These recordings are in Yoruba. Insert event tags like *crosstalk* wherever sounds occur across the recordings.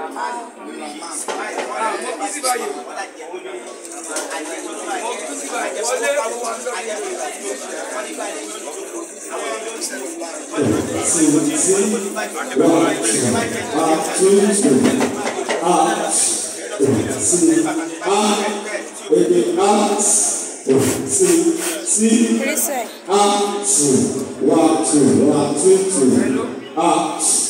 Three, six. Ah, two, one, two, one, two, two. Ah.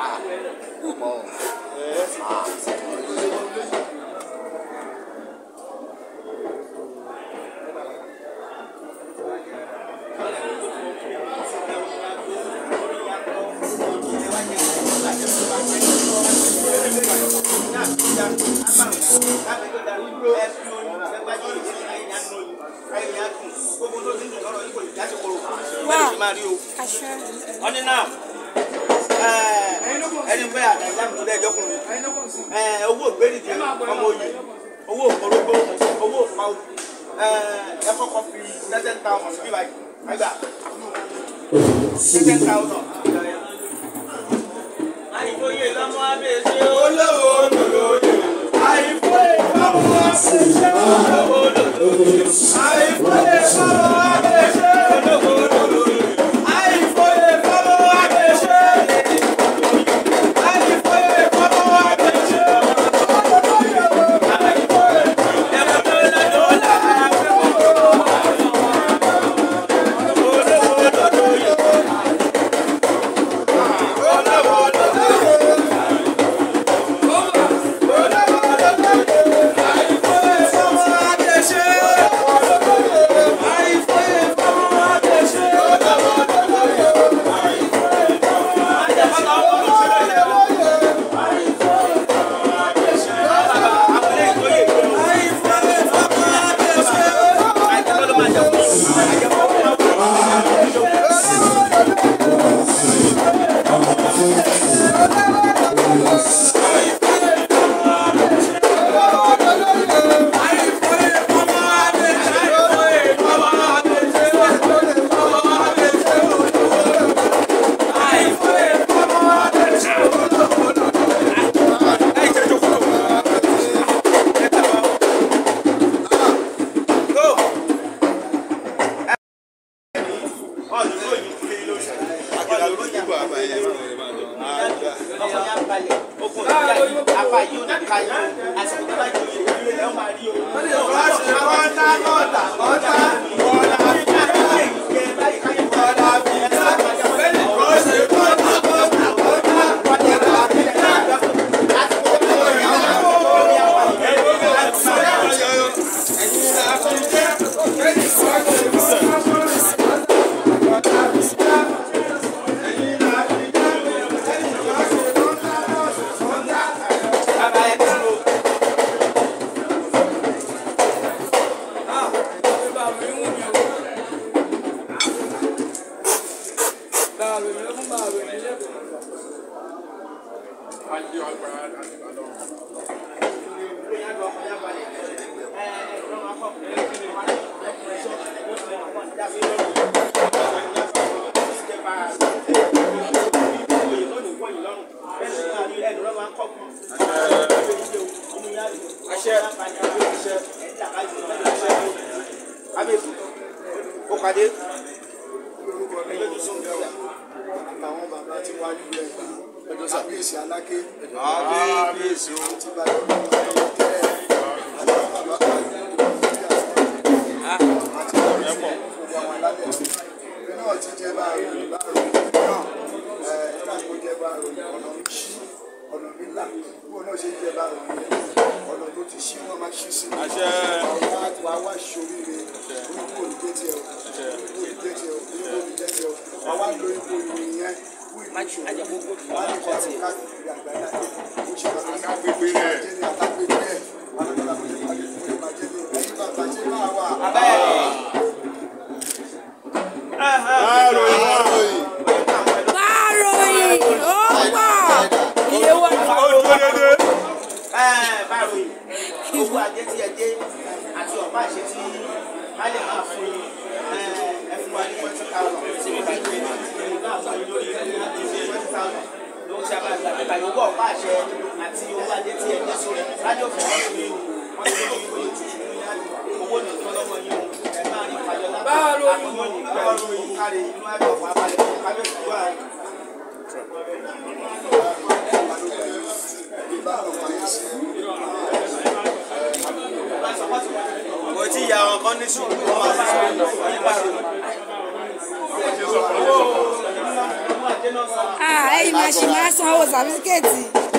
Wow. Ọdún àdáyé mi tó dẹ́ ẹjọ́kùnrin owó ìgbérìdì ọmọ òye owó òkòrógbó owó òpáwò ẹ kọ́kọ́ fi seven thousand sí bíbá àgbà seven thousand. àìfòye lọ́mọ abẹ́sẹ̀ olówó olóyè àìfòye lọ́mọ abẹ́sẹ̀ olówó olóyè àìfòye lọ́mọ. ara olójúbọ àbá yẹn okun ìgbà yìí àbá yìí ó ní ká yìí àsìkò tó bá jù yìí lè lè Cadê? àṣẹ àti owó adé tí ẹ ní rẹ̀ lájọ fún wọn lórí o wọn ti lórí ìwé ìtìjú owó nìkan lọ́wọ́ yìí o ẹ máa rí ìfàjọlá àtúmọ̀ nípa ìlú kárí inú àjọ wà balẹ̀ kábíyèsí wà. kò tí ìyá àwọn kan ní sùúrù wọn máa ní sùúrù nípa ah, ìlú. ẹ̀yin máa ṣì máa san owó sàmìkẹ́ẹ̀tì.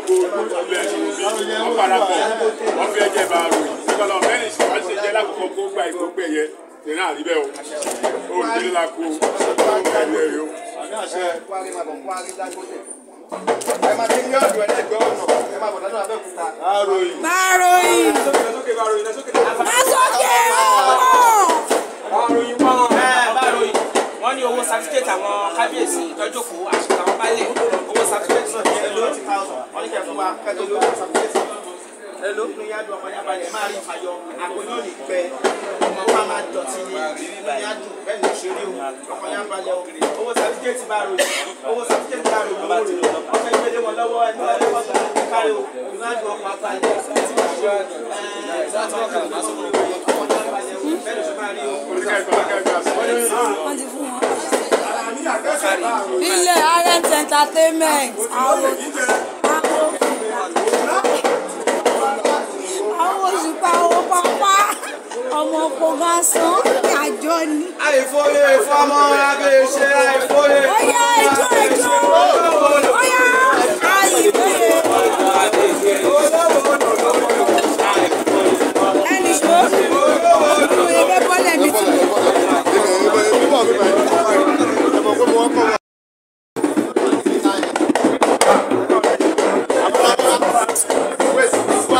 gbogbo ilẹ̀ ìlú wọn parapọ̀ wọn fi ẹ̀jẹ̀ bá rò ìkọlọ mẹ́rin sì wá ṣe jẹ́ lákòókò kó gba ìgbógbé yẹ tẹ̀lé àríbẹ̀ o òǹdí ńlá kó o gba ilẹ̀ yìí o. Ẹ máa ti ní ọ̀dọ̀ ẹ̀dẹ́gbẹ́ ọ̀nà ẹ máa bọ̀ dájú Abẹ́òkúta. Báròyìn. Báròyìn. Lásòkè Báròyìn lásòkè. Lásòkè ọ̀hún. Báròyìn wọ́n rí owó certificate àwọn kábíyèsí ìtọ́jòkó àṣìkò àwọn baálé owó certificate náà ní ẹlò wọ́n ní kẹ́ fún wa kẹ́tọ́ lórí certificate ẹlò ní yàdùn ọmọ yàbalẹ̀ máa rí ìfàyọ àgbóyún ní pẹ ọmọ wa máa dọ̀tí ní yàdùn bẹ́ẹ̀ ní ṣe rí ọmọ yàbalẹ̀ owó certificate bá rò owó certificate bá rò lówó rè wọ́n fẹ́ gbélé wọn lọ́wọ́ ẹni wọ́n lé wọ́n kárí o ìmáàdùn ọmọ ilé rent entertainment àwọn àwọn òṣùpá owó pápá ọmọ ọkọ̀ gásán àjọ ni. àìfọwọ́ ìfọmọ́ abẹ́ ṣe é.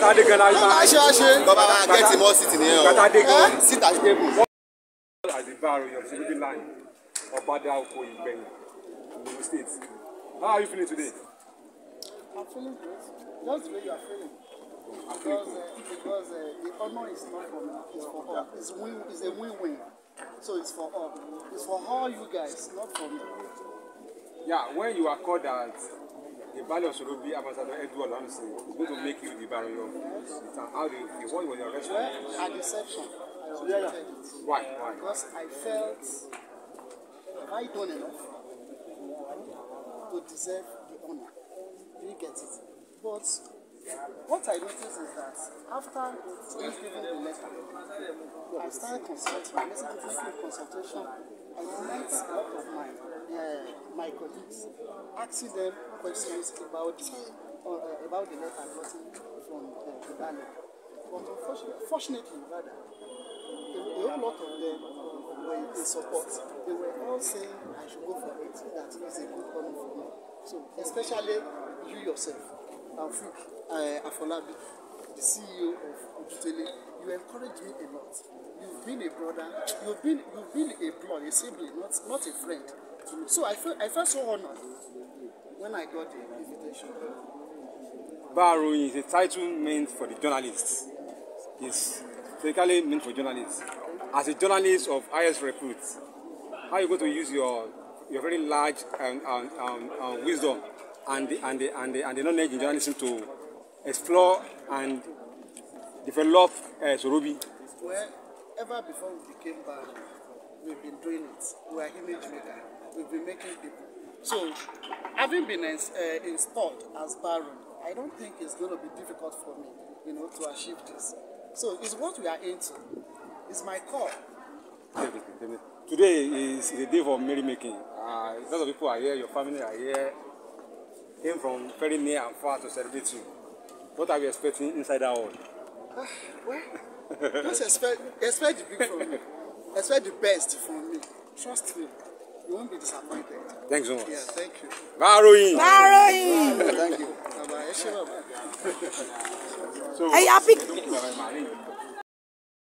bàtà dé gan náà. ló máa ṣe àṣe. bàbá bá gẹ́tì mọ́ síìtì nìyẹn o. bàtà dé gan síta tébù. ọ̀padà oko ìgbẹ̀yìn Ogun State how are you feeling today. I'm feeling great just the way you are feeling. Because, uh, because uh, the honor is not for me, it's for all. It's, win, it's a win-win. So it's for all. It's for all you guys, not for me. Yeah, when you are called as The value of Sorobi Ambassador Edward Lanusi is going to make you the barrier of the How do you feel? What was your reaction? Well, deception, I yeah, yeah. Why? Why? Because I felt, have I done enough to deserve the honor? Do you get it? But what I noticed is that after he's given the letter, I started consulting. I started making consultation. I met a lot of my, uh, my colleagues, asking them questions about uh, about the letter gotten from uh, Kibale. But unfortunately, fortunately rather, a, a whole lot of them uh, were in support. They were all saying I should go for it. That is a good one for me. So especially you yourself, Afrik uh, Afolabi, the CEO of Ojutele, you encouraged me a lot. You've been a brother. You've been you've been a brother, a sibling, not not a friend. So I felt I felt so honored when I got the invitation. Barrowing is a title meant for the journalists. It's technically meant for journalists. As a journalist of highest repute, how are you going to use your your very large um, um, um, um, wisdom and the, and the, and the, and the knowledge in journalism to explore and develop uh, Sorobi? Well, ever before we became Barrow, we've been doing it. We are image maker. We've been making people So, having been ins uh, installed as Baron, I don't think it's going to be difficult for me, you know, to achieve this. So, it's what we are into. It's my call. Today is the day for merrymaking. Uh, lots of people are here, your family are here, came from very near and far to celebrate you. What are you expecting inside that hall? Uh, well, just expect, expect the big from me. *laughs* Expect the best from me. Trust me. You won't be disappointed. Thanks so much. Yeah, thank you. Borrowing. Borrowing. thank you. Are you happy?